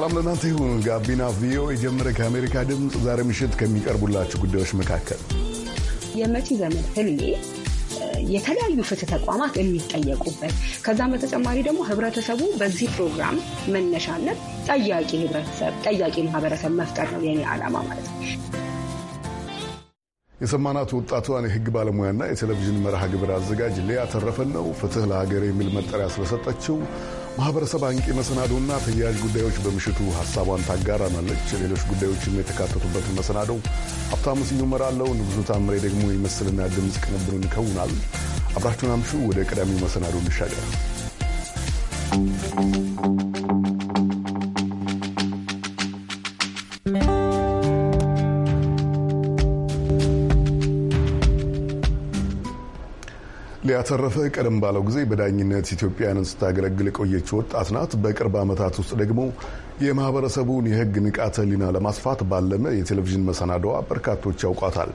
ሰላም ለእናንተ ይሁን። ጋቢና ቪኦኤ ጀመረ። ከአሜሪካ ድምፅ ዛሬ ምሽት ከሚቀርቡላችሁ ጉዳዮች መካከል የመጪ ዘመን ህልሜ የተለያዩ ፍትህ ተቋማት የሚጠየቁበት ከዛም በተጨማሪ ደግሞ ህብረተሰቡ በዚህ ፕሮግራም መነሻነት ጠያቂ ህብረተሰብ፣ ጠያቂ ማህበረሰብ መፍጠር ነው የኔ ዓላማ ማለት ነው። የሰማናት ወጣቷን የህግ ባለሙያና የቴሌቪዥን መርሃ ግብር አዘጋጅ ሊያ ተረፈን ነው። ፍትህ ለሀገር የሚል መጠሪያ ስለሰጠችው ማህበረሰብ አንቂ መሰናዶና ተያያዥ ጉዳዮች በምሽቱ ሀሳቧን ታጋራናለች። ሌሎች ጉዳዮችም የተካተቱበትን መሰናዶ ሀብታሙ ስዩም እመራለሁ። ንጉሱ ታምሬ ደግሞ የምስልና ድምፅ ቅንብሩን ይከውናል። አብራችሁን አምሹ። ወደ ቀዳሚው መሰናዶ እንሻገር። ያተረፈ ቀደም ባለው ጊዜ በዳኝነት ኢትዮጵያውያንን ስታገለግል የቆየች ወጣት ናት። በቅርብ ዓመታት ውስጥ ደግሞ የማህበረሰቡን የህግ ንቃተ ሊና ለማስፋት ባለመ የቴሌቪዥን መሰናዶዋ በርካቶች ያውቋታል።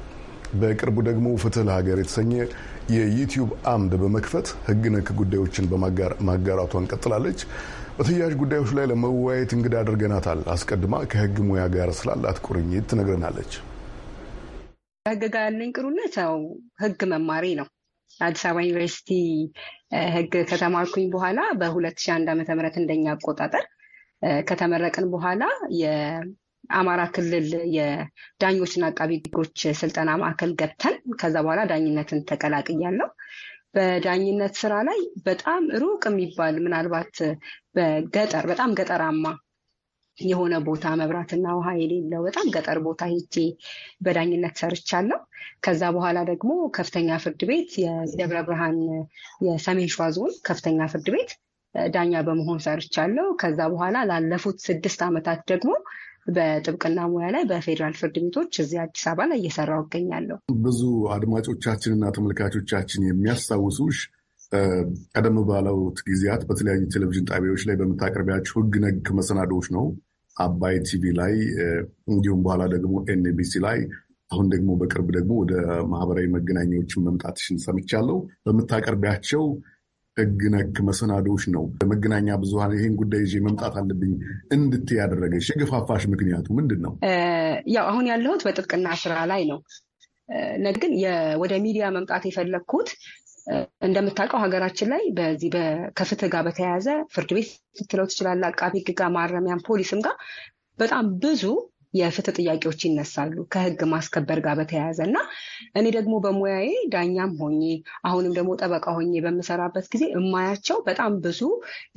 በቅርቡ ደግሞ ፍትህ ለሀገር የተሰኘ የዩቲዩብ አምድ በመክፈት ህግ ነክ ጉዳዮችን ማጋራቷን ቀጥላለች። በተያያዥ ጉዳዮች ላይ ለመወያየት እንግዳ አድርገናታል። አስቀድማ ከህግ ሙያ ጋር ስላላት ቁርኝት ትነግረናለች። ሕግ ጋር ያለኝ ቅሩነት ያው ህግ መማሪ ነው አዲስ አበባ ዩኒቨርሲቲ ህግ ከተማርኩኝ በኋላ በ2001 ዓ.ም እንደኛ አቆጣጠር ከተመረቅን በኋላ የአማራ ክልል የዳኞችና አቃቢ ህጎች ስልጠና ማዕከል ገብተን ከዛ በኋላ ዳኝነትን ተቀላቅያለው። በዳኝነት ስራ ላይ በጣም ሩቅ የሚባል ምናልባት በገጠር በጣም ገጠራማ የሆነ ቦታ መብራትና ውሃ የሌለው በጣም ገጠር ቦታ ሄጄ በዳኝነት ሰርቻለሁ። ከዛ በኋላ ደግሞ ከፍተኛ ፍርድ ቤት የደብረ ብርሃን የሰሜን ሸዋ ዞን ከፍተኛ ፍርድ ቤት ዳኛ በመሆን ሰርቻለሁ። ከዛ በኋላ ላለፉት ስድስት ዓመታት ደግሞ በጥብቅና ሙያ ላይ በፌዴራል ፍርድ ቤቶች እዚህ አዲስ አበባ ላይ እየሰራው እገኛለሁ። ብዙ አድማጮቻችንና ተመልካቾቻችን የሚያስታውሱሽ ቀደም ባለውት ጊዜያት በተለያዩ ቴሌቪዥን ጣቢያዎች ላይ በምታቀርቢያቸው ህግ ነክ መሰናዶዎች ነው። አባይ ቲቪ ላይ እንዲሁም በኋላ ደግሞ ኤንቢሲ ላይ አሁን ደግሞ በቅርብ ደግሞ ወደ ማህበራዊ መገናኛዎችን መምጣትሽን ሰምቻለሁ። በምታቀርቢያቸው ህግ ነክ መሰናዶዎች ነው በመገናኛ ብዙሀን ይህን ጉዳይ ይዤ መምጣት አለብኝ እንድት ያደረገሽ የገፋፋሽ ምክንያቱ ምንድን ነው? ያው አሁን ያለሁት በጥብቅና ስራ ላይ ነው። ነገር ግን ወደ ሚዲያ መምጣት የፈለግኩት እንደምታውቀው ሀገራችን ላይ በዚህ ከፍትህ ጋር በተያያዘ ፍርድ ቤት ልትለው ትችላለህ፣ አቃቢ ህግ ጋር፣ ማረሚያም ፖሊስም ጋር በጣም ብዙ የፍትህ ጥያቄዎች ይነሳሉ ከህግ ማስከበር ጋር በተያያዘ እና እኔ ደግሞ በሙያዬ ዳኛም ሆኜ አሁንም ደግሞ ጠበቃ ሆኜ በምሰራበት ጊዜ እማያቸው በጣም ብዙ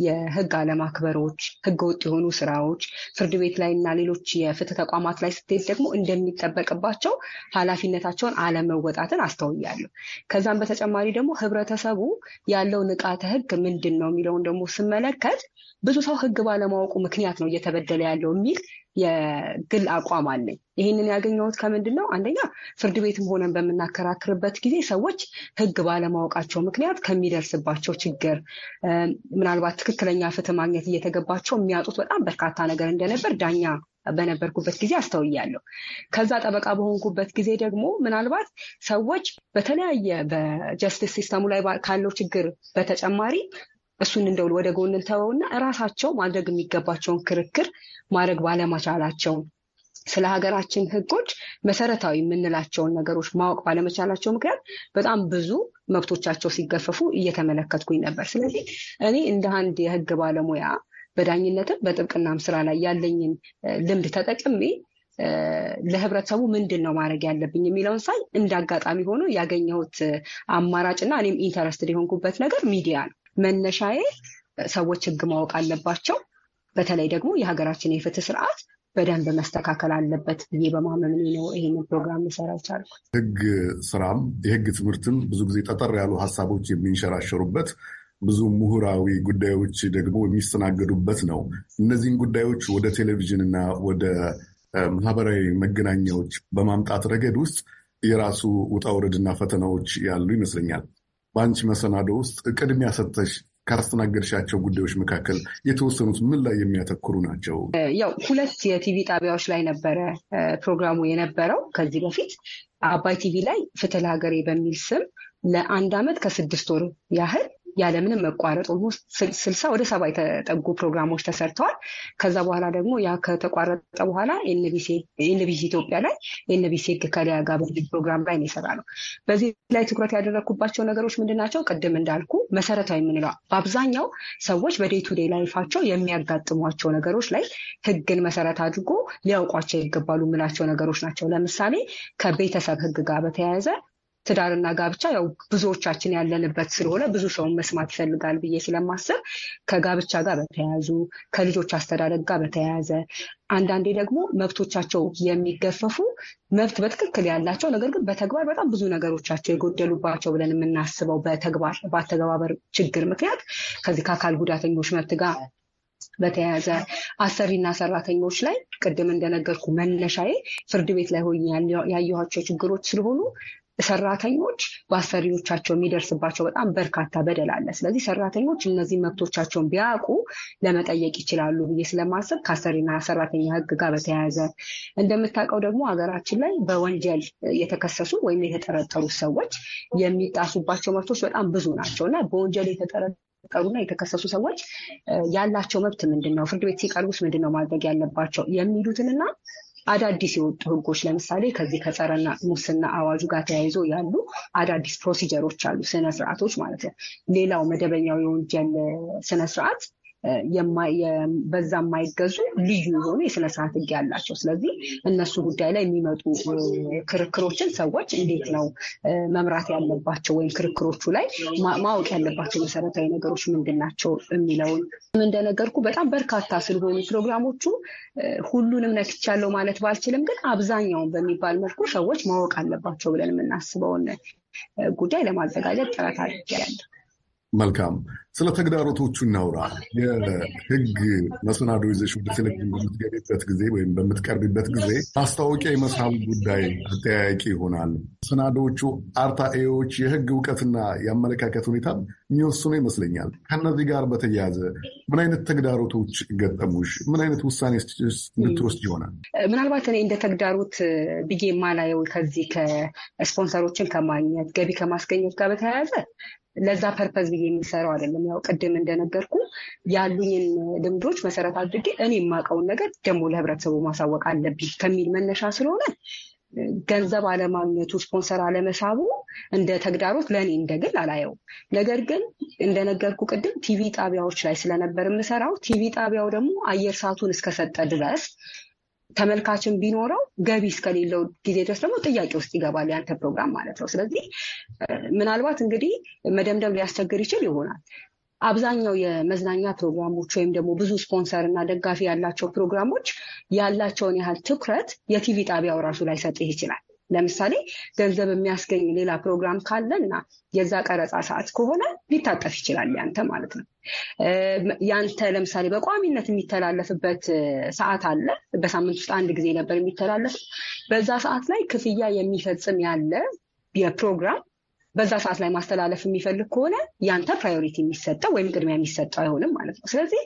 የህግ አለማክበሮች፣ ህገ ወጥ የሆኑ ስራዎች ፍርድ ቤት ላይ እና ሌሎች የፍትህ ተቋማት ላይ ስትሄድ ደግሞ እንደሚጠበቅባቸው ኃላፊነታቸውን አለመወጣትን አስተውያለሁ። ከዛም በተጨማሪ ደግሞ ህብረተሰቡ ያለው ንቃተ ህግ ምንድን ነው የሚለውን ደግሞ ስመለከት ብዙ ሰው ህግ ባለማወቁ ምክንያት ነው እየተበደለ ያለው የሚል የግል አቋም አለኝ። ይህንን ያገኘሁት ከምንድን ነው? አንደኛ ፍርድ ቤትም ሆነን በምናከራክርበት ጊዜ ሰዎች ሕግ ባለማወቃቸው ምክንያት ከሚደርስባቸው ችግር ምናልባት ትክክለኛ ፍትህ ማግኘት እየተገባቸው የሚያጡት በጣም በርካታ ነገር እንደነበር ዳኛ በነበርኩበት ጊዜ አስተውያለሁ። ከዛ ጠበቃ በሆንኩበት ጊዜ ደግሞ ምናልባት ሰዎች በተለያየ በጀስቲስ ሲስተሙ ላይ ካለው ችግር በተጨማሪ እሱን እንደው ወደ ጎን እንተወውና እራሳቸው ማድረግ የሚገባቸውን ክርክር ማድረግ ባለመቻላቸው ስለ ሀገራችን ህጎች መሰረታዊ የምንላቸውን ነገሮች ማወቅ ባለመቻላቸው ምክንያት በጣም ብዙ መብቶቻቸው ሲገፈፉ እየተመለከትኩኝ ነበር። ስለዚህ እኔ እንደ አንድ የህግ ባለሙያ በዳኝነትም በጥብቅናም ስራ ላይ ያለኝን ልምድ ተጠቅሜ ለህብረተሰቡ ምንድን ነው ማድረግ ያለብኝ የሚለውን ሳይ እንደ አጋጣሚ ሆኖ ያገኘሁት አማራጭና እኔም ኢንተረስትድ የሆንኩበት ነገር ሚዲያ ነው። መነሻዬ ሰዎች ህግ ማወቅ አለባቸው፣ በተለይ ደግሞ የሀገራችን የፍትህ ስርዓት በደንብ መስተካከል አለበት ብዬ በማመን ነው ይህንን ፕሮግራም ልሰራ ቻልኩ። ህግ ስራም የህግ ትምህርትም ብዙ ጊዜ ጠጠር ያሉ ሀሳቦች የሚንሸራሸሩበት ብዙ ምሁራዊ ጉዳዮች ደግሞ የሚስተናገዱበት ነው። እነዚህን ጉዳዮች ወደ ቴሌቪዥን እና ወደ ማህበራዊ መገናኛዎች በማምጣት ረገድ ውስጥ የራሱ ውጣ ውረድና ፈተናዎች ያሉ ይመስለኛል። በአንቺ መሰናዶ ውስጥ ቅድሚያ ሰጥተሽ ካስተናገድሻቸው ጉዳዮች መካከል የተወሰኑት ምን ላይ የሚያተኩሩ ናቸው? ያው ሁለት የቲቪ ጣቢያዎች ላይ ነበረ ፕሮግራሙ የነበረው ከዚህ በፊት አባይ ቲቪ ላይ ፍትህ ለሀገሬ በሚል ስም ለአንድ አመት ከስድስት ወር ያህል ያለምንም መቋረጥ ኦልሞስት ስልሳ ወደ ሰባ የተጠጉ ፕሮግራሞች ተሰርተዋል። ከዛ በኋላ ደግሞ ያ ከተቋረጠ በኋላ ኤንቢሲ ኢትዮጵያ ላይ ኤንቢሲ ህግ ከሊያ ጋር በሚል ፕሮግራም ላይ የሰራ ነው። በዚህ ላይ ትኩረት ያደረግኩባቸው ነገሮች ምንድን ናቸው? ቅድም እንዳልኩ መሰረታዊ የምንለው በአብዛኛው ሰዎች በዴይ ቱ ዴይ ላይፋቸው የሚያጋጥሟቸው ነገሮች ላይ ህግን መሰረት አድርጎ ሊያውቋቸው ይገባሉ የምላቸው ነገሮች ናቸው። ለምሳሌ ከቤተሰብ ህግ ጋር በተያያዘ ትዳርና ጋብቻ ያው ብዙዎቻችን ያለንበት ስለሆነ ብዙ ሰውን መስማት ይፈልጋል ብዬ ስለማሰብ ከጋብቻ ጋር በተያያዙ ከልጆች አስተዳደግ ጋር በተያያዘ አንዳንዴ ደግሞ መብቶቻቸው የሚገፈፉ መብት በትክክል ያላቸው ነገር ግን በተግባር በጣም ብዙ ነገሮቻቸው የጎደሉባቸው ብለን የምናስበው በተግባር በአተገባበር ችግር ምክንያት ከዚህ ከአካል ጉዳተኞች መብት ጋር በተያያዘ አሰሪና ሰራተኞች ላይ ቅድም እንደነገርኩ መነሻዬ ፍርድ ቤት ላይ ሆኜ ያየኋቸው ችግሮች ስለሆኑ ሰራተኞች በአሰሪዎቻቸው የሚደርስባቸው በጣም በርካታ በደል አለ። ስለዚህ ሰራተኞች እነዚህ መብቶቻቸውን ቢያውቁ ለመጠየቅ ይችላሉ ብዬ ስለማሰብ ከአሰሪና ሰራተኛ ሕግ ጋር በተያያዘ እንደምታውቀው ደግሞ ሀገራችን ላይ በወንጀል የተከሰሱ ወይም የተጠረጠሩ ሰዎች የሚጣሱባቸው መብቶች በጣም ብዙ ናቸው እና በወንጀል የተጠረ የተከሰሱ ሰዎች ያላቸው መብት ምንድን ነው? ፍርድ ቤት ሲቀርቡስ ምንድን ነው ማድረግ ያለባቸው? የሚሉትንና አዳዲስ የወጡ ህጎች ለምሳሌ ከዚህ ከጸረና ሙስና አዋጁ ጋር ተያይዞ ያሉ አዳዲስ ፕሮሲጀሮች አሉ፣ ስነስርዓቶች ማለት ነው። ሌላው መደበኛው የወንጀል ስነስርዓት በዛ የማይገዙ ልዩ የሆኑ የስነስርዓት ህግ ያላቸው። ስለዚህ እነሱ ጉዳይ ላይ የሚመጡ ክርክሮችን ሰዎች እንዴት ነው መምራት ያለባቸው ወይም ክርክሮቹ ላይ ማወቅ ያለባቸው መሰረታዊ ነገሮች ምንድን ናቸው የሚለውን እንደነገርኩ በጣም በርካታ ስለሆኑ ፕሮግራሞቹ ሁሉንም ነክቻለሁ ማለት ባልችልም፣ ግን አብዛኛውን በሚባል መልኩ ሰዎች ማወቅ አለባቸው ብለን የምናስበውን ጉዳይ ለማዘጋጀት ጥረት አድርጌያለሁ። መልካም ስለ ተግዳሮቶቹ እናውራ። የህግ መሰናዶ ይዘሽ ወደ ቴሌቪዥን በምትገቢበት ጊዜ ወይም በምትቀርቢበት ጊዜ ማስታወቂያ የመሳብ ጉዳይ አጠያያቂ ይሆናል። መሰናዶዎቹ አርታኤዎች የህግ እውቀትና የአመለካከት ሁኔታ የሚወስኑ ይመስለኛል። ከእነዚህ ጋር በተያያዘ ምን አይነት ተግዳሮቶች ገጠሙሽ? ምን አይነት ውሳኔ እንድትወስድ ይሆናል? ምናልባት እኔ እንደ ተግዳሮት ብዬ ማላየው ከዚህ ከስፖንሰሮችን ከማግኘት ገቢ ከማስገኘት ጋር በተያያዘ ለዛ ፐርፐዝ ብዬ የሚሰራው አይደለም። ያው ቅድም እንደነገርኩ ያሉኝን ልምዶች መሰረት አድርጌ እኔ የማውቀውን ነገር ደግሞ ለህብረተሰቡ ማሳወቅ አለብኝ ከሚል መነሻ ስለሆነ ገንዘብ አለማግኘቱ ስፖንሰር አለመሳቡ እንደ ተግዳሮት ለእኔ እንደግል አላየው ነገር ግን እንደነገርኩ ቅድም ቲቪ ጣቢያዎች ላይ ስለነበር የምሰራው ቲቪ ጣቢያው ደግሞ አየር ሰዓቱን እስከሰጠ ድረስ ተመልካችን ቢኖረው ገቢ እስከሌለው ጊዜ ድረስ ደግሞ ጥያቄ ውስጥ ይገባል ያንተ ፕሮግራም ማለት ነው። ስለዚህ ምናልባት እንግዲህ መደምደም ሊያስቸግር ይችል ይሆናል። አብዛኛው የመዝናኛ ፕሮግራሞች ወይም ደግሞ ብዙ ስፖንሰር እና ደጋፊ ያላቸው ፕሮግራሞች ያላቸውን ያህል ትኩረት የቲቪ ጣቢያው ራሱ ላይ ሰጥህ ይችላል። ለምሳሌ ገንዘብ የሚያስገኝ ሌላ ፕሮግራም ካለ እና የዛ ቀረጻ ሰዓት ከሆነ ሊታጠፍ ይችላል ያንተ ማለት ነው። ያንተ ለምሳሌ በቋሚነት የሚተላለፍበት ሰዓት አለ። በሳምንት ውስጥ አንድ ጊዜ ነበር የሚተላለፍ። በዛ ሰዓት ላይ ክፍያ የሚፈጽም ያለ የፕሮግራም በዛ ሰዓት ላይ ማስተላለፍ የሚፈልግ ከሆነ ያንተ ፕራዮሪቲ የሚሰጠው ወይም ቅድሚያ የሚሰጠው አይሆንም ማለት ነው። ስለዚህ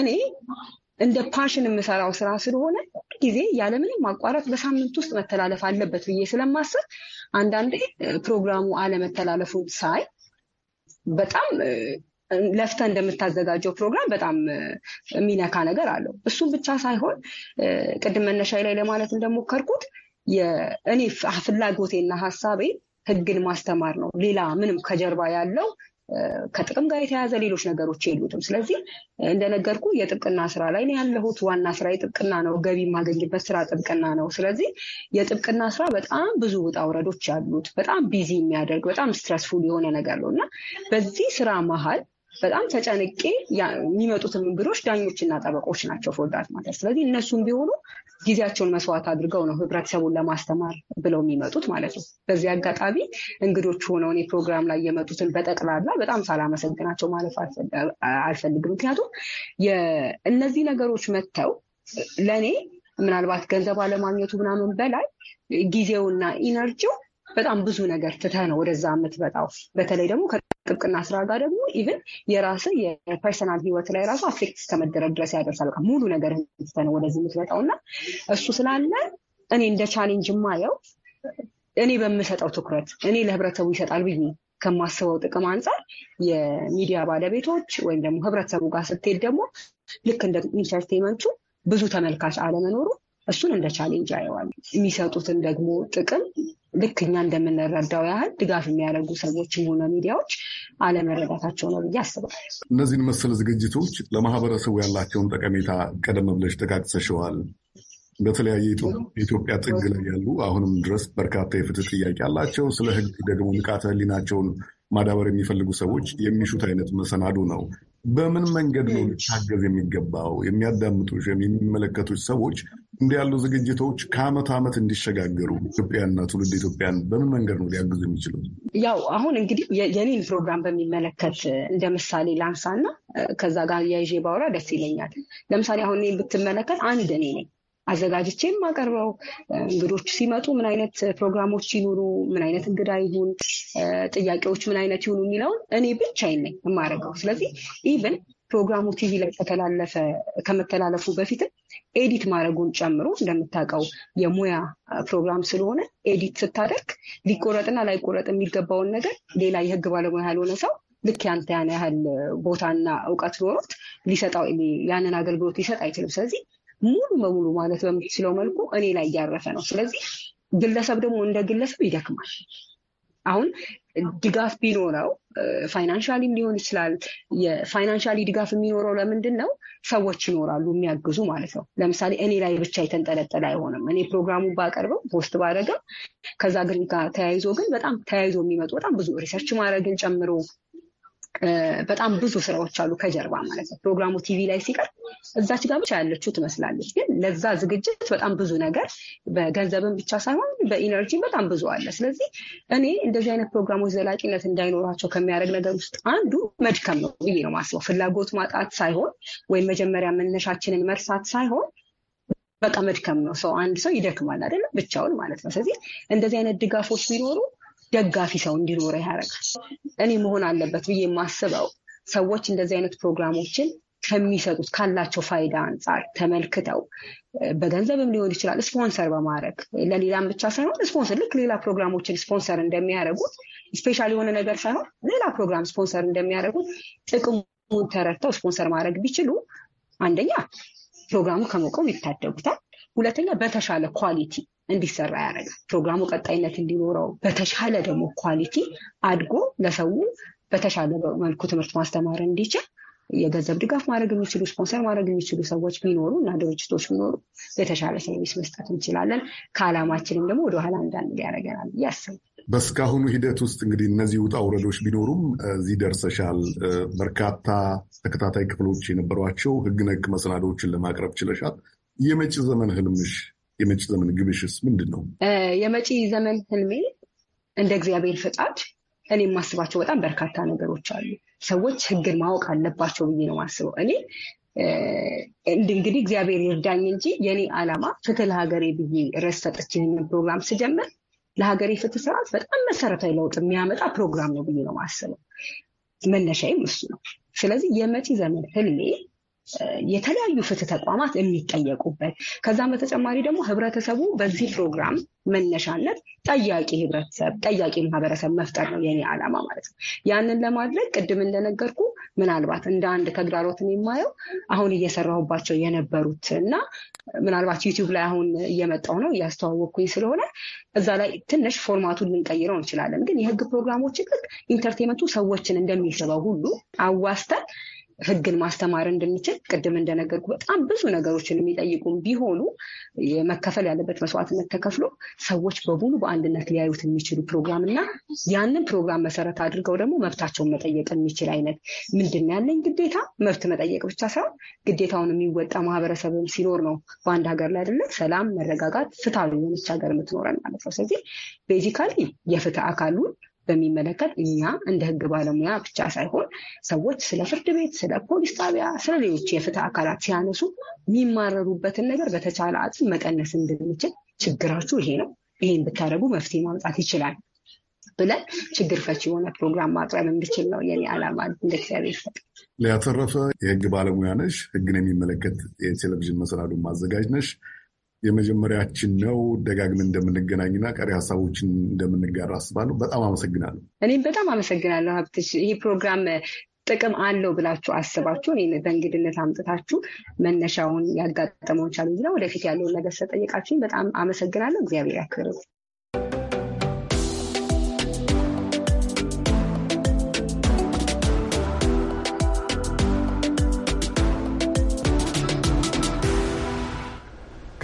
እኔ እንደ ፓሽን የምሰራው ስራ ስለሆነ ጊዜ ያለምንም ማቋረጥ በሳምንት ውስጥ መተላለፍ አለበት ብዬ ስለማስብ አንዳንዴ ፕሮግራሙ አለመተላለፉን ሳይ በጣም ለፍተ እንደምታዘጋጀው ፕሮግራም በጣም የሚነካ ነገር አለው። እሱም ብቻ ሳይሆን ቅድም መነሻዬ ላይ ለማለት እንደሞከርኩት እኔ ፍላጎቴና ሀሳቤ ህግን ማስተማር ነው። ሌላ ምንም ከጀርባ ያለው ከጥቅም ጋር የተያያዘ ሌሎች ነገሮች የሉትም። ስለዚህ እንደነገርኩ የጥብቅና ስራ ላይ ነው ያለሁት። ዋና ስራ የጥብቅና ነው። ገቢ የማገኝበት ስራ ጥብቅና ነው። ስለዚህ የጥብቅና ስራ በጣም ብዙ ውጣ ውረዶች ያሉት፣ በጣም ቢዚ የሚያደርግ፣ በጣም ስትረስፉል የሆነ ነገር ነው እና በዚህ ስራ መሀል በጣም ተጨንቄ የሚመጡትን እንግዶች ዳኞችና ጠበቆች ናቸው ፎርዳት ማተር። ስለዚህ እነሱም ቢሆኑ ጊዜያቸውን መስዋዕት አድርገው ነው ህብረተሰቡን ለማስተማር ብለው የሚመጡት ማለት ነው። በዚህ አጋጣሚ እንግዶቹ ሆነው እኔ ፕሮግራም ላይ የመጡትን በጠቅላላ በጣም ሳላመሰግናቸው ማለፍ አልፈልግም። ምክንያቱም እነዚህ ነገሮች መጥተው ለእኔ ምናልባት ገንዘብ አለማግኘቱ ምናምን በላይ ጊዜውና ኢነርጂው በጣም ብዙ ነገር ትተ ነው ወደዛ የምትመጣው። በተለይ ደግሞ ከጥብቅና ስራ ጋር ደግሞ ኢቨን የራስ የፐርሰናል ህይወት ላይ ራሱ አፌክት እስከመደረግ ድረስ ያደርሳል። በቃ ሙሉ ነገር ትተ ነው ወደዚህ የምትመጣው እና እሱ ስላለ እኔ እንደ ቻሌንጅ ማየው እኔ በምሰጠው ትኩረት እኔ ለህብረተሰቡ ይሰጣል ብዬ ከማስበው ጥቅም አንጻር የሚዲያ ባለቤቶች ወይም ደግሞ ህብረተሰቡ ጋር ስትሄድ ደግሞ ልክ እንደ ኢንተርቴመንቱ ብዙ ተመልካች አለመኖሩ እሱን እንደ ቻሌንጅ አየዋል። የሚሰጡትን ደግሞ ጥቅም ልክ እኛ እንደምንረዳው ያህል ድጋፍ የሚያደርጉ ሰዎችም ሆነ ሚዲያዎች አለመረዳታቸው ነው ብዬ አስባለሁ። እነዚህን መሰል ዝግጅቶች ለማህበረሰቡ ያላቸውን ጠቀሜታ ቀደም ብለሽ ጠቃቅሰሸዋል። በተለያየ የኢትዮጵያ ጥግ ላይ ያሉ አሁንም ድረስ በርካታ የፍትህ ጥያቄ ያላቸው ስለ ህግ ደግሞ ንቃተ ህሊናቸውን ማዳበር የሚፈልጉ ሰዎች የሚሹት አይነት መሰናዱ ነው። በምን መንገድ ነው ልታገዝ የሚገባው? የሚያዳምጡሽ የሚመለከቱሽ ሰዎች እንዲህ ያሉ ዝግጅቶች ከአመት ዓመት እንዲሸጋገሩ ኢትዮጵያና ትውልድ ኢትዮጵያን በምን መንገድ ነው ሊያግዙ የሚችሉት? ያው አሁን እንግዲህ የኔን ፕሮግራም በሚመለከት እንደ ምሳሌ ላንሳና ከዛ ጋር ያይዤ ባውራ ደስ ይለኛል። ለምሳሌ አሁን እኔን ብትመለከት አንድ እኔ ነኝ አዘጋጅቼ የማቀርበው እንግዶች ሲመጡ ምን አይነት ፕሮግራሞች ይኑሩ፣ ምን አይነት እንግዳ ይሁን፣ ጥያቄዎች ምን አይነት ይሁኑ የሚለውን እኔ ብቻዬን ነኝ የማደርገው። ስለዚህ ኢቨን ፕሮግራሙ ቲቪ ላይ ከተላለፈ ከመተላለፉ በፊትም ኤዲት ማድረጉን ጨምሮ እንደምታውቀው የሙያ ፕሮግራም ስለሆነ ኤዲት ስታደርግ ሊቆረጥና ላይቆረጥ የሚገባውን ነገር ሌላ የህግ ባለሙያ ያልሆነ ሰው ልክ ያንተ ያን ያህል ቦታና እውቀት ኖሮት ሊሰጣው ያንን አገልግሎት ሊሰጥ አይችልም። ስለዚህ ሙሉ በሙሉ ማለት በምትችለው መልኩ እኔ ላይ እያረፈ ነው። ስለዚህ ግለሰብ ደግሞ እንደ ግለሰብ ይደክማል። አሁን ድጋፍ ቢኖረው ፋይናንሻሊም ሊሆን ይችላል። የፋይናንሻሊ ድጋፍ የሚኖረው ለምንድን ነው? ሰዎች ይኖራሉ የሚያግዙ ማለት ነው። ለምሳሌ እኔ ላይ ብቻ የተንጠለጠለ አይሆንም። እኔ ፕሮግራሙን ባቀርበው ፖስት ባደረገም ከዛ ግን ጋር ተያይዞ ግን በጣም ተያይዞ የሚመጡ በጣም ብዙ ሪሰርች ማድረግን ጨምሮ በጣም ብዙ ስራዎች አሉ ከጀርባ ማለት ነው። ፕሮግራሙ ቲቪ ላይ ሲቀር እዛች ጋር ብቻ ያለችው ትመስላለች፣ ግን ለዛ ዝግጅት በጣም ብዙ ነገር በገንዘብም ብቻ ሳይሆን በኢነርጂ በጣም ብዙ አለ። ስለዚህ እኔ እንደዚህ አይነት ፕሮግራሞች ዘላቂነት እንዳይኖራቸው ከሚያደርግ ነገር ውስጥ አንዱ መድከም ነው ብዬ ነው ማስበው። ፍላጎት ማጣት ሳይሆን ወይም መጀመሪያ መነሻችንን መርሳት ሳይሆን በቃ መድከም ነው። ሰው አንድ ሰው ይደክማል አይደለም ብቻውን ማለት ነው። ስለዚህ እንደዚህ አይነት ድጋፎች ቢኖሩ ደጋፊ ሰው እንዲኖረ ያደርጋል። እኔ መሆን አለበት ብዬ የማስበው ሰዎች እንደዚህ አይነት ፕሮግራሞችን ከሚሰጡት ካላቸው ፋይዳ አንጻር ተመልክተው በገንዘብም ሊሆን ይችላል ስፖንሰር በማድረግ ለሌላም ብቻ ሳይሆን ስፖንሰር ልክ ሌላ ፕሮግራሞችን ስፖንሰር እንደሚያደርጉት ስፔሻል የሆነ ነገር ሳይሆን ሌላ ፕሮግራም ስፖንሰር እንደሚያደርጉት ጥቅሙን ተረድተው ስፖንሰር ማድረግ ቢችሉ አንደኛ ፕሮግራሙ ከመቆም ይታደጉታል። ሁለተኛ በተሻለ ኳሊቲ እንዲሰራ ያደርጋል። ፕሮግራሙ ቀጣይነት እንዲኖረው በተሻለ ደግሞ ኳሊቲ አድጎ ለሰው በተሻለ መልኩ ትምህርት ማስተማር እንዲችል የገንዘብ ድጋፍ ማድረግ የሚችሉ ስፖንሰር ማድረግ የሚችሉ ሰዎች ቢኖሩ እና ድርጅቶች ቢኖሩ የተሻለ ሰርቪስ መስጠት እንችላለን። ከዓላማችንም ደግሞ ወደኋላ እንዳንል ያደርገናል ብዬ አስባለሁ። በስካሁኑ ሂደት ውስጥ እንግዲህ እነዚህ ውጣ ውረዶች ቢኖሩም እዚህ ደርሰሻል። በርካታ ተከታታይ ክፍሎች የነበሯቸው ሕግ ነክ መሰናዶዎችን ለማቅረብ ችለሻል። የመጪ ዘመን ህልምሽ የመጪ ዘመን ግብሽስ ምንድን ነው? የመጪ ዘመን ህልሜ እንደ እግዚአብሔር ፍቃድ እኔ የማስባቸው በጣም በርካታ ነገሮች አሉ። ሰዎች ህግን ማወቅ አለባቸው ብዬ ነው የማስበው። እኔ እንግዲህ እግዚአብሔር ይርዳኝ እንጂ የኔ ዓላማ ፍትህ ለሀገሬ ብዬ ርዕስ ሰጥቼ ይህንን ፕሮግራም ስጀምር ለሀገሬ ፍትህ ስርዓት በጣም መሰረታዊ ለውጥ የሚያመጣ ፕሮግራም ነው ብዬ ነው የማስበው። መነሻዬም እሱ ነው። ስለዚህ የመጪ ዘመን ህልሜ የተለያዩ ፍትህ ተቋማት የሚጠየቁበት ከዛም በተጨማሪ ደግሞ ህብረተሰቡ በዚህ ፕሮግራም መነሻነት ጠያቂ ህብረተሰብ ጠያቂ ማህበረሰብ መፍጠር ነው የኔ ዓላማ ማለት ነው። ያንን ለማድረግ ቅድም እንደነገርኩ ምናልባት እንደ አንድ ተግዳሮትን የማየው አሁን እየሰራሁባቸው የነበሩት እና ምናልባት ዩቲዩብ ላይ አሁን እየመጣው ነው እያስተዋወቅኩኝ ስለሆነ እዛ ላይ ትንሽ ፎርማቱን ልንቀይረው እንችላለን። ግን የህግ ፕሮግራሞችን ህግ ኢንተርቴንመንቱ ሰዎችን እንደሚስበው ሁሉ አዋስተን ህግን ማስተማር እንድንችል ቅድም እንደነገርኩ በጣም ብዙ ነገሮችን የሚጠይቁም ቢሆኑ መከፈል ያለበት መስዋዕትነት ተከፍሎ ሰዎች በሙሉ በአንድነት ሊያዩት የሚችሉ ፕሮግራም እና ያንን ፕሮግራም መሰረት አድርገው ደግሞ መብታቸውን መጠየቅ የሚችል አይነት ምንድን ያለኝ ግዴታ መብት መጠየቅ ብቻ ሳይሆን ግዴታውን የሚወጣ ማህበረሰብም ሲኖር ነው በአንድ ሀገር ላይ አይደለም ሰላም፣ መረጋጋት፣ ፍትሃዊ የሆነች ሀገር የምትኖረን ማለት ነው። ስለዚህ ቤዚካሊ የፍትህ አካሉን በሚመለከት እኛ እንደ ህግ ባለሙያ ብቻ ሳይሆን ሰዎች ስለ ፍርድ ቤት፣ ስለ ፖሊስ ጣቢያ፣ ስለ ሌሎች የፍትህ አካላት ሲያነሱ የሚማረሩበትን ነገር በተቻለ አጽም መቀነስ እንድንችል ችግራችሁ ይሄ ነው፣ ይሄን ብታደረጉ መፍትሄ ማምጣት ይችላል ብለን ችግር ፈች የሆነ ፕሮግራም ማቅረብ እንድችል ነው የኔ ዓላማ እንደ እግዚአብሔር ሊያተረፈ የህግ ባለሙያ ነሽ፣ ህግን የሚመለከት የቴሌቪዥን መሰናዶ ማዘጋጅ ነሽ። የመጀመሪያችን ነው። ደጋግመን እንደምንገናኝና ቀሪ ሀሳቦችን እንደምንጋራ አስባለሁ። በጣም አመሰግናለሁ። እኔም በጣም አመሰግናለሁ ሀብትሽ። ይህ ፕሮግራም ጥቅም አለው ብላችሁ አስባችሁ እኔ በእንግድነት አምጥታችሁ መነሻውን ያጋጠመውን ቻሉ ወደፊት ያለውን ነገር ስለጠየቃችሁኝ በጣም አመሰግናለሁ። እግዚአብሔር ያክብር።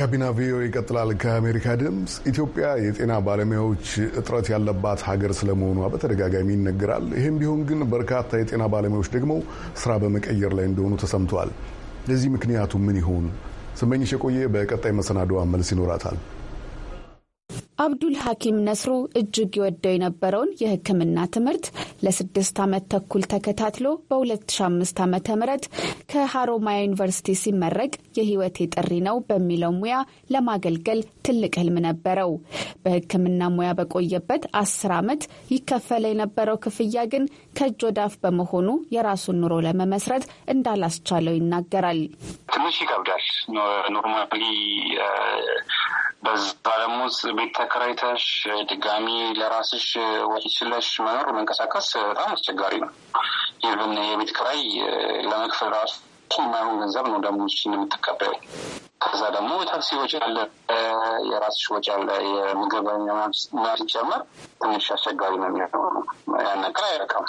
ጋቢና ቪኦኤ ይቀጥላል። ከአሜሪካ ድምፅ ኢትዮጵያ የጤና ባለሙያዎች እጥረት ያለባት ሀገር ስለመሆኗ በተደጋጋሚ ይነገራል። ይህም ቢሆን ግን በርካታ የጤና ባለሙያዎች ደግሞ ስራ በመቀየር ላይ እንደሆኑ ተሰምተዋል። ለዚህ ምክንያቱ ምን ይሆን? ስመኝሽ የቆየ በቀጣይ መሰናዶዋ መልስ ይኖራታል። አብዱል ሐኪም ነስሩ እጅግ ይወደው የነበረውን የሕክምና ትምህርት ለስድስት ዓመት ተኩል ተከታትሎ በ2005 ዓ ም ከሀሮማያ ዩኒቨርሲቲ ሲመረቅ የህይወቴ ጥሪ ነው በሚለው ሙያ ለማገልገል ትልቅ ህልም ነበረው። በሕክምና ሙያ በቆየበት አስር ዓመት ይከፈለ የነበረው ክፍያ ግን ከእጅ ወዳፍ በመሆኑ የራሱን ኑሮ ለመመስረት እንዳላስቻለው ይናገራል። ትንሽ ይከብዳል። ኖርማሊ በዛ ደግሞ ቤት ተከራይተሽ ድጋሚ ለራስሽ ወጪ ችለሽ መኖር መንቀሳቀስ በጣም አስቸጋሪ ነው። ይህን የቤት ክራይ ለመክፈል ራሱ የማይሆን ገንዘብ ነው ደግሞ የምትቀበዩ። ከዛ ደግሞ ታክሲ ወጪ አለ፣ የራስሽ ወጪ አለ። የምግብ ሲጨመር ትንሽ አስቸጋሪ ነው የሚሆነው። ያን ነገር አይረካም።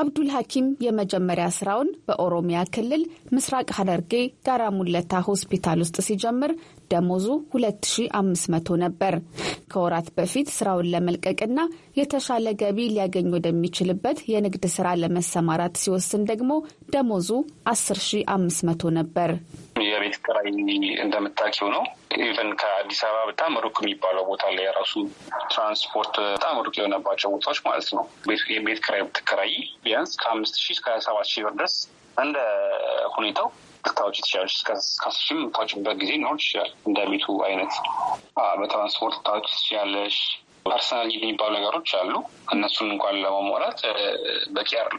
አብዱል ሐኪም የመጀመሪያ ስራውን በኦሮሚያ ክልል ምስራቅ ሐረርጌ ጋራ ሙለታ ሆስፒታል ውስጥ ሲጀምር ደሞዙ 2500 ነበር። ከወራት በፊት ስራውን ለመልቀቅና የተሻለ ገቢ ሊያገኝ ወደሚችልበት የንግድ ስራ ለመሰማራት ሲወስን ደግሞ ደሞዙ 10500 ነበር። የቤት ኪራይ እንደምታውቂው ነው። ኢቨን ከአዲስ አበባ በጣም ሩቅ የሚባለው ቦታ ላይ የራሱ ትራንስፖርት በጣም ሩቅ የሆነባቸው ቦታዎች ማለት ነው። የቤት ክራይ ብትከራይ ቢያንስ ከአምስት ሺህ እስከ ሰባት ሺህ ብር ድረስ እንደ ሁኔታው ልታወጪ ትችላለች። ከስሽም ልታወጪበት ጊዜ ሊኖር ይችላል። እንደ ቤቱ አይነት በትራንስፖርት ልታወጪ ትችላለች። ፐርሰናል የሚባሉ ነገሮች አሉ። እነሱን እንኳን ለመሟላት በቂ አሉ።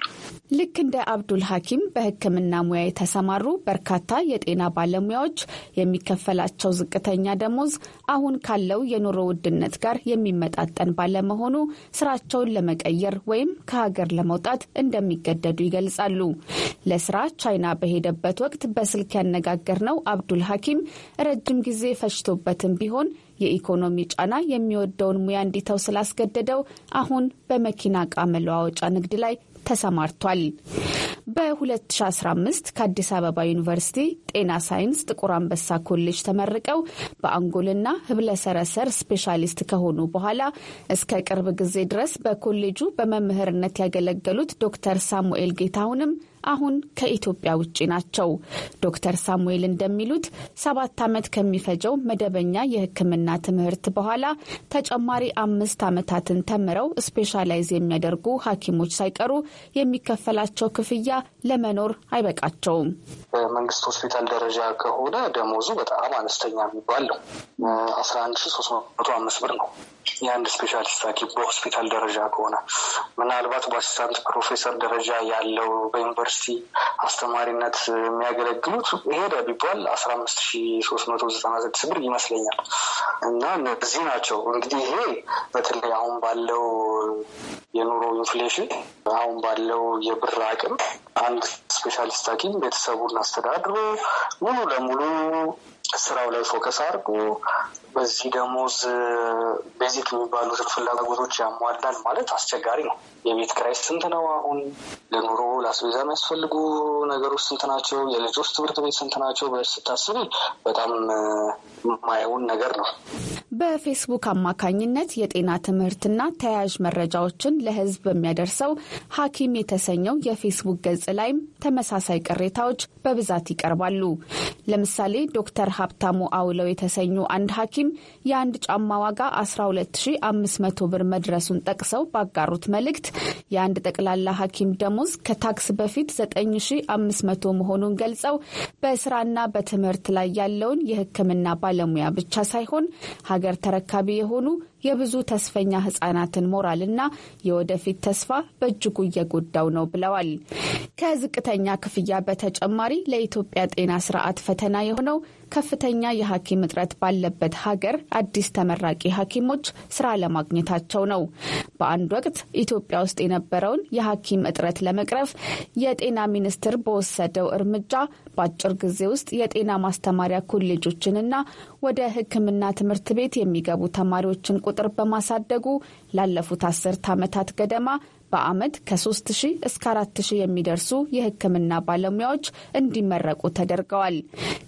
ልክ እንደ አብዱል ሐኪም በሕክምና ሙያ የተሰማሩ በርካታ የጤና ባለሙያዎች የሚከፈላቸው ዝቅተኛ ደሞዝ አሁን ካለው የኑሮ ውድነት ጋር የሚመጣጠን ባለመሆኑ ስራቸውን ለመቀየር ወይም ከሀገር ለመውጣት እንደሚገደዱ ይገልጻሉ። ለስራ ቻይና በሄደበት ወቅት በስልክ ያነጋገር ነው። አብዱል ሐኪም ረጅም ጊዜ ፈጅቶበትም ቢሆን የኢኮኖሚ ጫና የሚወደውን ሙያ እንዲተው ስላስገደደው አሁን በመኪና ቃ መለዋወጫ ንግድ ላይ ተሰማርቷል። በ2015 ከአዲስ አበባ ዩኒቨርሲቲ ጤና ሳይንስ ጥቁር አንበሳ ኮሌጅ ተመርቀው በአንጎልና ህብለሰረሰር ስፔሻሊስት ከሆኑ በኋላ እስከ ቅርብ ጊዜ ድረስ በኮሌጁ በመምህርነት ያገለገሉት ዶክተር ሳሙኤል ጌታሁንም አሁን ከኢትዮጵያ ውጭ ናቸው። ዶክተር ሳሙኤል እንደሚሉት ሰባት ዓመት ከሚፈጀው መደበኛ የሕክምና ትምህርት በኋላ ተጨማሪ አምስት ዓመታትን ተምረው ስፔሻላይዝ የሚያደርጉ ሐኪሞች ሳይቀሩ የሚከፈላቸው ክፍያ ለመኖር አይበቃቸውም። በመንግስት ሆስፒታል ደረጃ ከሆነ ደሞዙ በጣም አነስተኛ የሚባል ነው። አስራ አንድ ሺ ሶስት መቶ አምስት ብር ነው የአንድ ስፔሻሊስት ሐኪም በሆስፒታል ደረጃ ከሆነ ምናልባት በአሲስታንት ፕሮፌሰር ደረጃ ያለው በዩኒቨርሲቲ ዩኒቨርሲቲ አስተማሪነት የሚያገለግሉት ሄደ ቢባል አስራ አምስት ሺ ሶስት መቶ ዘጠና ስድስት ብር ይመስለኛል። እና እነዚህ ናቸው እንግዲህ ይሄ በተለይ አሁን ባለው የኑሮ ኢንፍሌሽን አሁን ባለው የብር አቅም አንድ ስፔሻሊስት ሐኪም ቤተሰቡን አስተዳድሮ ሙሉ ለሙሉ ስራው ላይ ፎከስ አድርጎ በዚህ ደሞዝ ቤዚክ የሚባሉትን ፍላጎቶች ያሟላል ማለት አስቸጋሪ ነው። የቤት ክራይ ስንት ነው? አሁን ለኑሮ ለአስቤዛ የሚያስፈልጉ ነገሮች ስንት ናቸው? የልጆች ትምህርት ቤት ስንት ናቸው? በስታስቢ በጣም ማየውን ነገር ነው። በፌስቡክ አማካኝነት የጤና ትምህርትና ተያያዥ መረጃዎችን ለሕዝብ በሚያደርሰው ሐኪም የተሰኘው የፌስቡክ ገጽ ላይም ተመሳሳይ ቅሬታዎች በብዛት ይቀርባሉ። ለምሳሌ ዶክተር ሀብታሙ አውለው የተሰኙ አንድ ሐኪም የአንድ ጫማ ዋጋ 12500 ብር መድረሱን ጠቅሰው ባጋሩት መልእክት የአንድ ጠቅላላ ሐኪም ደሞዝ ከታክስ በፊት 9500 መሆኑን ገልጸው በስራና በትምህርት ላይ ያለውን የሕክምና ባለሙያ ብቻ ሳይሆን ሀገር ተረካቢ የሆኑ የብዙ ተስፈኛ ህጻናትን ሞራልና የወደፊት ተስፋ በእጅጉ እየጎዳው ነው ብለዋል። ከዝቅተኛ ክፍያ በተጨማሪ ለኢትዮጵያ ጤና ስርዓት ፈተና የሆነው ከፍተኛ የሐኪም እጥረት ባለበት ሀገር አዲስ ተመራቂ ሐኪሞች ስራ ለማግኘታቸው ነው። በአንድ ወቅት ኢትዮጵያ ውስጥ የነበረውን የሐኪም እጥረት ለመቅረፍ የጤና ሚኒስቴር በወሰደው እርምጃ በአጭር ጊዜ ውስጥ የጤና ማስተማሪያ ኮሌጆችንና ወደ ሕክምና ትምህርት ቤት የሚገቡ ተማሪዎችን ቁጥር በማሳደጉ ላለፉት አስርት ዓመታት ገደማ በአመት ከ3 ሺህ እስከ 4 ሺህ የሚደርሱ የሕክምና ባለሙያዎች እንዲመረቁ ተደርገዋል።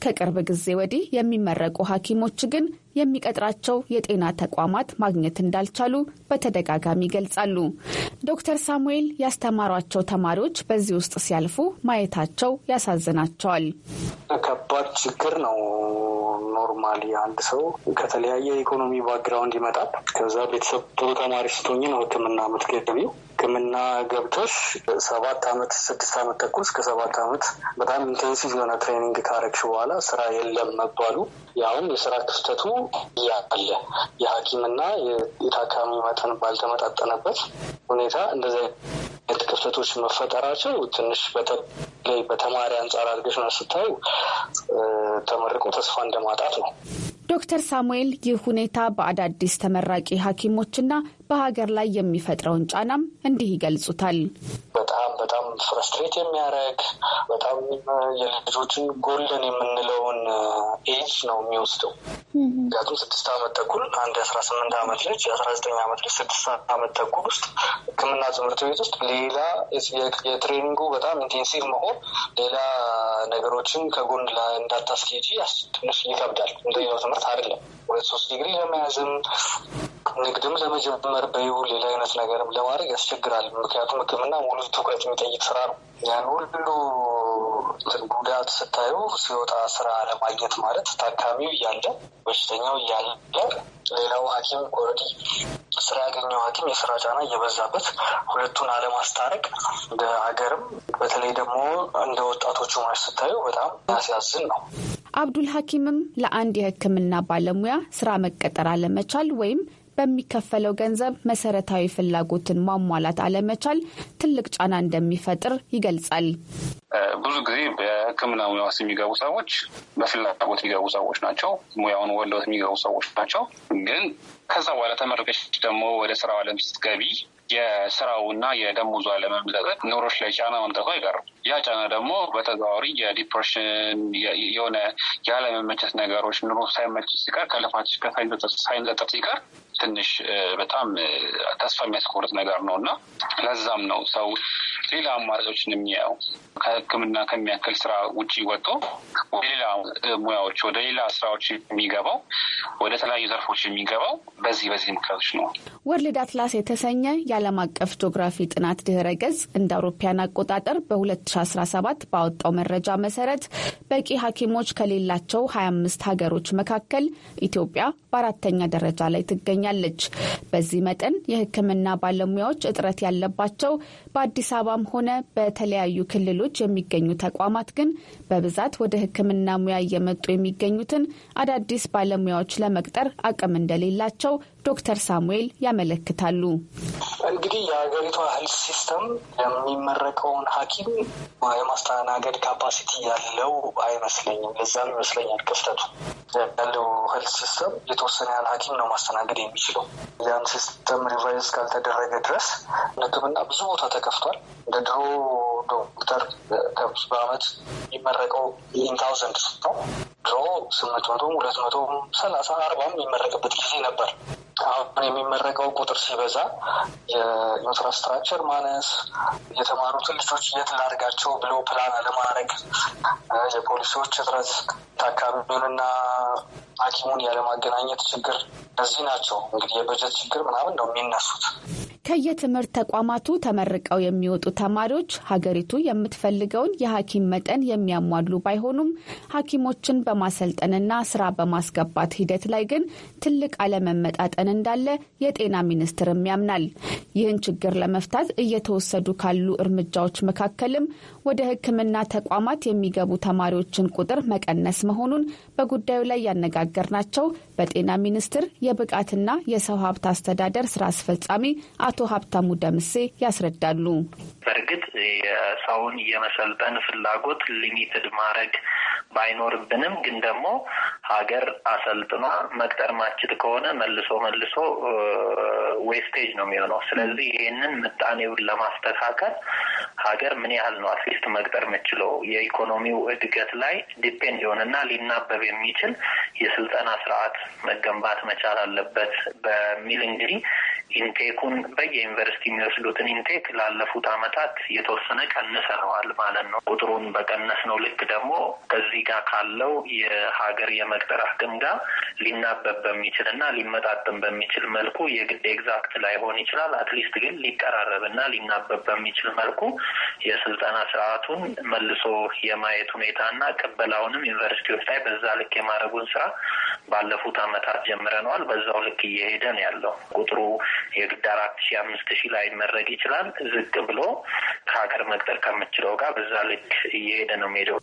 ከቅርብ ጊዜ ወዲህ የሚመረቁ ሐኪሞች ግን የሚቀጥራቸው የጤና ተቋማት ማግኘት እንዳልቻሉ በተደጋጋሚ ይገልጻሉ። ዶክተር ሳሙኤል ያስተማሯቸው ተማሪዎች በዚህ ውስጥ ሲያልፉ ማየታቸው ያሳዝናቸዋል። ከባድ ችግር ነው። ኖርማሊ አንድ ሰው ከተለያየ ኢኮኖሚ ባክግራውንድ ይመጣል። ከዛ ቤተሰብ ጥሩ ተማሪ ስቶኝ ነው ህክምና የምትገቢው ሕክምና ገብቶች ሰባት አመት ስድስት አመት ተኩል እስከ ሰባት አመት በጣም ኢንቴንሲቭ የሆነ ትሬኒንግ ካረግሽ በኋላ ስራ የለም መባሉ ያውም የስራ ክፍተቱ ያለ የሐኪምና የታካሚ መጠን ባልተመጣጠነበት ሁኔታ እንደዚ አይነት ክፍተቶች መፈጠራቸው ትንሽ በተለይ በተማሪ አንጻር አድርገሽ ነው ስታዩ ተመርቆ ተስፋ እንደማጣት ነው። ዶክተር ሳሙኤል ይህ ሁኔታ በአዳዲስ ተመራቂ ሐኪሞችና በሀገር ላይ የሚፈጥረውን ጫናም እንዲህ ይገልጹታል። በጣም በጣም ፍረስትሬት የሚያደርግ በጣም የልጆችን ጎልደን የምንለውን ኤጅ ነው የሚወስደው። ምክንያቱም ስድስት አመት ተኩል አንድ የአስራ ስምንት አመት ልጅ የአስራ ዘጠኝ አመት ልጅ ስድስት አመት ተኩል ውስጥ ሕክምና ትምህርት ቤት ውስጥ ሌላ የትሬኒንጉ በጣም ኢንቴንሲቭ መሆን ሌላ ነገሮችን ከጎን እንዳታስኬጂ ትንሽ ይከብዳል። እንደሌላው ትምህርት ማለት አይደለም። ሁለት ሶስት ዲግሪ ለመያዝም ንግድም ለመጀመር በይሁ ሌላ አይነት ነገርም ለማድረግ ያስቸግራል። ምክንያቱም ሕክምና ሙሉ ትኩረት የሚጠይቅ ስራ ነው። ያን ሁሉ ጉዳት ስታዩ ሲወጣ ስራ ለማግኘት ማለት ታካሚው እያለ በሽተኛው እያለ ሌላው ሐኪም ኦልሬዲ ስራ ያገኘው ሐኪም የስራ ጫና እየበዛበት ሁለቱን አለማስታረቅ እንደ ሀገርም በተለይ ደግሞ እንደ ወጣቶቹ ማሽ ስታዩ በጣም ያስያዝን ነው። አብዱል ሐኪምም ለአንድ የሕክምና ባለሙያ ስራ መቀጠር አለመቻል ወይም በሚከፈለው ገንዘብ መሰረታዊ ፍላጎትን ማሟላት አለመቻል ትልቅ ጫና እንደሚፈጥር ይገልጻል። ብዙ ጊዜ በህክምና ሙያ ውስጥ የሚገቡ ሰዎች በፍላጎት የሚገቡ ሰዎች ናቸው። ሙያውን ወለውት የሚገቡ ሰዎች ናቸው። ግን ከዛ በኋላ ተመረቀች ደግሞ ወደ ስራው አለም ስትገቢ የስራውና የደሞዙ አለመመጣጠን ኑሮች ላይ ጫና መምጠቱ አይቀርም። ያ ጫና ደግሞ በተዘዋዋሪ የዲፕሬሽን የሆነ ያለመመቸት ነገሮች ኑሮ ሳይመች ሲቀር ከልፋት ሳይንጠጠር ሲቀር ትንሽ በጣም ተስፋ የሚያስቆርጥ ነገር ነው እና ለዛም ነው ሰው ሌላ አማራጮችን የሚያየው ከሕክምና ከሚያክል ስራ ውጭ ወጥቶ ወደ ሌላ ሙያዎች፣ ወደ ሌላ ስራዎች የሚገባው ወደ ተለያዩ ዘርፎች የሚገባው በዚህ በዚህ ምክንያቶች ነው። ወርልድ አትላስ የተሰኘ የዓለም አቀፍ ጂኦግራፊ ጥናት ድህረ ገጽ እንደ አውሮፓያን አቆጣጠር በ2017 ባወጣው መረጃ መሰረት በቂ ሐኪሞች ከሌላቸው 25 ሀገሮች መካከል ኢትዮጵያ በአራተኛ ደረጃ ላይ ትገኛል ትገኛለች። በዚህ መጠን የሕክምና ባለሙያዎች እጥረት ያለባቸው በአዲስ አበባም ሆነ በተለያዩ ክልሎች የሚገኙ ተቋማት ግን በብዛት ወደ ሕክምና ሙያ እየመጡ የሚገኙትን አዳዲስ ባለሙያዎች ለመቅጠር አቅም እንደሌላቸው ዶክተር ሳሙኤል ያመለክታሉ። እንግዲህ የሀገሪቷ ሄልት ሲስተም የሚመረቀውን ሐኪም የማስተናገድ ካፓሲቲ ያለው አይመስለኝም። ለዛም ይመስለኛል ክፍተቱ ያለው ሄልት ሲስተም የተወሰነ ያህል ሐኪም ነው ማስተናገድ የሚችለው። ያን ሲስተም ሪቫይዝ ካልተደረገ ድረስ ሕክምና ብዙ ቦታ ተከፍቷል እንደ ድሮ ዶክተር በአመት የሚመረቀው ኢን ታውዘንድ ነው። ድሮ ስምንት መቶም ሁለት መቶም ሰላሳ አርባም የሚመረቅበት ጊዜ ነበር። አሁን የሚመረቀው ቁጥር ሲበዛ የኢንፍራስትራክቸር ማነስ፣ የተማሩትን ልጆች የት ላድርጋቸው ብሎ ፕላን አለማድረግ፣ የፖሊሲዎች እጥረት፣ ታካሚውንና ሐኪሙን ያለማገናኘት ችግር እነዚህ ናቸው እንግዲህ የበጀት ችግር ምናምን ነው የሚነሱት። ከየትምህርት ተቋማቱ ተመርቀው የሚወጡ ተማሪዎች ሀገሪቱ የምትፈልገውን የሐኪም መጠን የሚያሟሉ ባይሆኑም ሐኪሞችን በማሰልጠንና ስራ በማስገባት ሂደት ላይ ግን ትልቅ አለመመጣጠን እንዳለ የጤና ሚኒስትርም ያምናል። ይህን ችግር ለመፍታት እየተወሰዱ ካሉ እርምጃዎች መካከልም ወደ ሕክምና ተቋማት የሚገቡ ተማሪዎችን ቁጥር መቀነስ መሆኑን በጉዳዩ ላይ ያነጋገርናቸው በጤና ሚኒስቴር የብቃትና የሰው ሀብት አስተዳደር ስራ አስፈጻሚ አቶ ሀብታሙ ደምሴ ያስረዳሉ። በእርግጥ የሰውን የመሰልጠን ፍላጎት ሊሚትድ ማድረግ ባይኖርብንም ግን ደግሞ ሀገር አሰልጥኗ መቅጠር ማችል ከሆነ መልሶ መልሶ ዌስቴጅ ነው የሚሆነው። ስለዚህ ይህንን ምጣኔውን ለማስተካከል ሀገር ምን ያህል ነው አትሊስት መቅጠር የምችለው የኢኮኖሚው እድገት ላይ ዲፔንድ የሆነና ሊናበብ የሚችል የስልጠና ስርዓት መገንባት መቻል አለበት በሚል እንግዲህ ኢንቴኩን በየዩኒቨርሲቲ የሚወስዱትን ኢንቴክ ላለፉት አመታት የተወሰነ ቀንሰነዋል ማለት ነው። ቁጥሩን በቀነስ ነው ልክ ደግሞ ከዚህ ጋር ካለው የሀገር የመቅጠር አቅም ጋር ሊናበብ በሚችል እና ሊመጣጥም በሚችል መልኩ የግድ ኤግዛክት ላይሆን ይችላል። አትሊስት ግን ሊቀራረብ እና ሊናበብ በሚችል መልኩ የስልጠና ስርዓቱን መልሶ የማየት ሁኔታ እና ቅበላውንም ዩኒቨርሲቲዎች ላይ በዛ ልክ የማድረጉን ስራ ባለፉት አመታት ጀምረነዋል። በዛው ልክ እየሄደ ነው ያለው ቁጥሩ የግድ አራት ሺ አምስት ሺ ላይ መረግ ይችላል። ዝቅ ብሎ ከሀገር መቅጠር ከምችለው ጋር በዛ ልክ እየሄደ ነው የሚሄደው።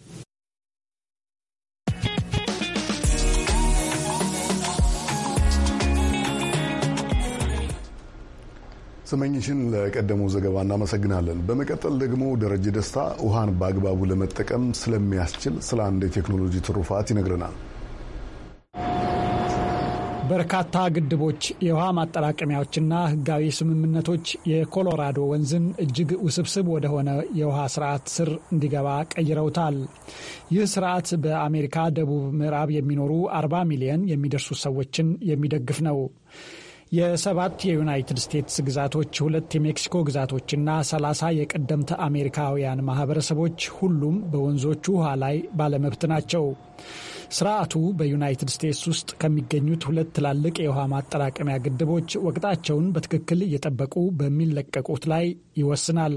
ስመኝሽን ለቀደመው ዘገባ እናመሰግናለን። በመቀጠል ደግሞ ደረጀ ደስታ ውሃን በአግባቡ ለመጠቀም ስለሚያስችል ስለ አንድ የቴክኖሎጂ ትሩፋት ይነግረናል። በርካታ ግድቦች፣ የውሃ ማጠራቀሚያዎችና ሕጋዊ ስምምነቶች የኮሎራዶ ወንዝን እጅግ ውስብስብ ወደሆነ የውሃ ስርዓት ስር እንዲገባ ቀይረውታል። ይህ ስርዓት በአሜሪካ ደቡብ ምዕራብ የሚኖሩ 40 ሚሊዮን የሚደርሱ ሰዎችን የሚደግፍ ነው። የሰባት የዩናይትድ ስቴትስ ግዛቶች፣ ሁለት የሜክሲኮ ግዛቶችና 30 የቀደምት አሜሪካውያን ማህበረሰቦች ሁሉም በወንዞቹ ውሃ ላይ ባለመብት ናቸው። ስርዓቱ በዩናይትድ ስቴትስ ውስጥ ከሚገኙት ሁለት ትላልቅ የውሃ ማጠራቀሚያ ግድቦች ወቅታቸውን በትክክል እየጠበቁ በሚለቀቁት ላይ ይወስናል።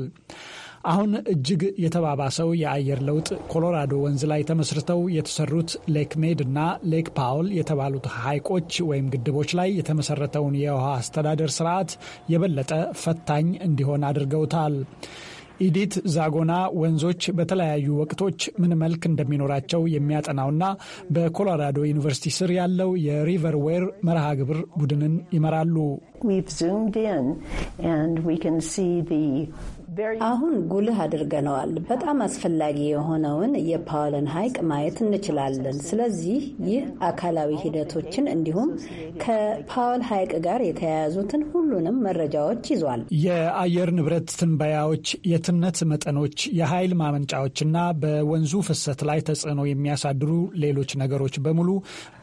አሁን እጅግ የተባባሰው የአየር ለውጥ ኮሎራዶ ወንዝ ላይ ተመስርተው የተሰሩት ሌክ ሜድ እና ሌክ ፓውል የተባሉት ሐይቆች ወይም ግድቦች ላይ የተመሰረተውን የውሃ አስተዳደር ስርዓት የበለጠ ፈታኝ እንዲሆን አድርገውታል። ኢዲት ዛጎና ወንዞች በተለያዩ ወቅቶች ምን መልክ እንደሚኖራቸው የሚያጠናውና በኮሎራዶ ዩኒቨርሲቲ ስር ያለው የሪቨር ዌር መርሃ ግብር ቡድንን ይመራሉ። አሁን ጉልህ አድርገነዋል። በጣም አስፈላጊ የሆነውን የፓወልን ሐይቅ ማየት እንችላለን። ስለዚህ ይህ አካላዊ ሂደቶችን እንዲሁም ከፓወል ሐይቅ ጋር የተያያዙትን ሁሉንም መረጃዎች ይዟል። የአየር ንብረት ትንበያዎች፣ የትነት መጠኖች፣ የኃይል ማመንጫዎችና በወንዙ ፍሰት ላይ ተጽዕኖ የሚያሳድሩ ሌሎች ነገሮች በሙሉ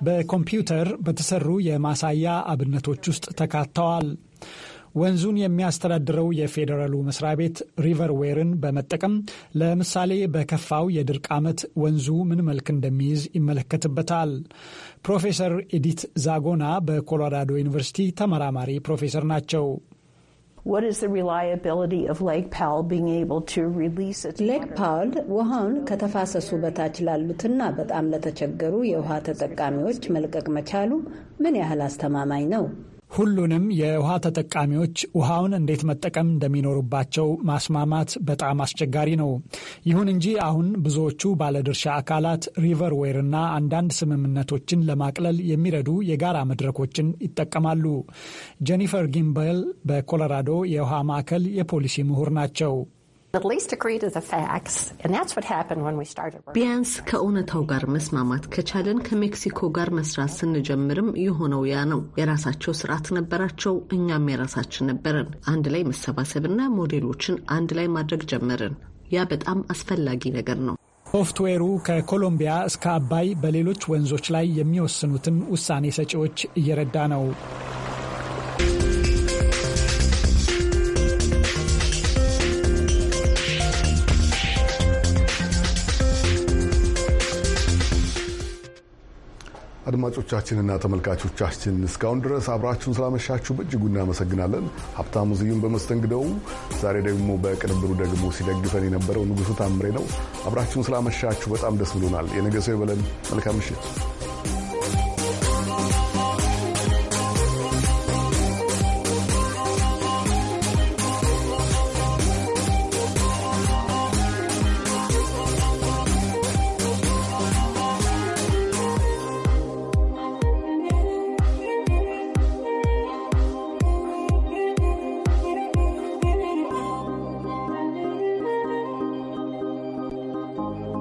በኮምፒውተር በተሰሩ የማሳያ አብነቶች ውስጥ ተካተዋል። ወንዙን የሚያስተዳድረው የፌዴራሉ መስሪያ ቤት ሪቨርዌርን በመጠቀም ለምሳሌ በከፋው የድርቅ ዓመት ወንዙ ምን መልክ እንደሚይዝ ይመለከትበታል። ፕሮፌሰር ኤዲት ዛጎና በኮሎራዶ ዩኒቨርሲቲ ተመራማሪ ፕሮፌሰር ናቸው። ሌክ ፓውል ውሃውን ከተፋሰሱ በታች ላሉትና በጣም ለተቸገሩ የውሃ ተጠቃሚዎች መልቀቅ መቻሉ ምን ያህል አስተማማኝ ነው? ሁሉንም የውሃ ተጠቃሚዎች ውሃውን እንዴት መጠቀም እንደሚኖሩባቸው ማስማማት በጣም አስቸጋሪ ነው። ይሁን እንጂ አሁን ብዙዎቹ ባለድርሻ አካላት እና አንዳንድ ስምምነቶችን ለማቅለል የሚረዱ የጋራ መድረኮችን ይጠቀማሉ። ጄኒፈር ጊምበል በኮሎራዶ የውሃ ማዕከል የፖሊሲ ምሁር ናቸው። ቢያንስ ከእውነታው ጋር መስማማት ከቻለን ከሜክሲኮ ጋር መስራት ስንጀምርም የሆነው ያ ነው። የራሳቸው ስርዓት ነበራቸው፣ እኛም የራሳችን ነበረን። አንድ ላይ መሰባሰብና ሞዴሎችን አንድ ላይ ማድረግ ጀመርን። ያ በጣም አስፈላጊ ነገር ነው። ሶፍትዌሩ ከኮሎምቢያ እስከ አባይ በሌሎች ወንዞች ላይ የሚወስኑትን ውሳኔ ሰጪዎች እየረዳ ነው። አድማጮቻችንና ተመልካቾቻችን እስካሁን ድረስ አብራችሁን ስላመሻችሁ በእጅጉ እናመሰግናለን። ሀብታሙ ዝዩን በመስተንግደው ዛሬ ደግሞ በቅንብሩ ደግሞ ሲደግፈን የነበረው ንጉሱ ታምሬ ነው። አብራችሁን ስላመሻችሁ በጣም ደስ ብሎናል። የነገ ሰው ይበለን። መልካም ምሽት።